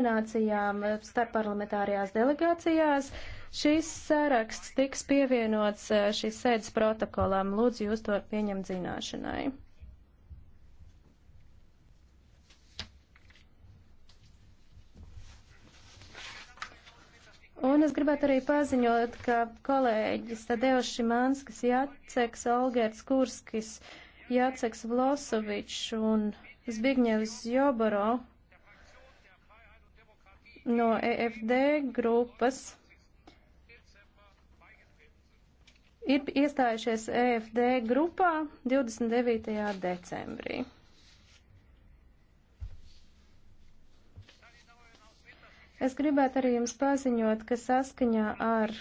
nominācijām eh, starpparlamentārajās delegācijās. Šis saraksts tiks pievienots eh, šīs sēdes protokolām. Lūdzu, jūs to pieņemt zināšanai. Un es gribētu arī paziņot, ka kolēģis Tadeuš Šimanskis, Jaceks Olgerts Kurskis, Jaceks Vlosovičs un Zbigņevs Joboro no EFD grupas ir iestājušies EFD grupā 29. decembrī. Es gribētu arī jums paziņot, ka saskaņā ar